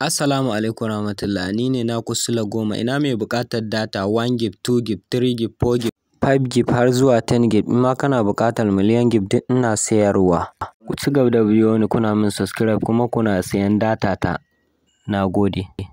Assalamu alaikum warahmatullah ni ne na kusula Goma ina mai buƙatar data 1 gif 2 gif 3 gif 4 gif 5 gif har zuwa 10 gif in ma kana buƙatar miliyan gif din ina sayarwa ku ci gaba da biyo ni kuna min subscribe kuma kuna sayen data ta na gode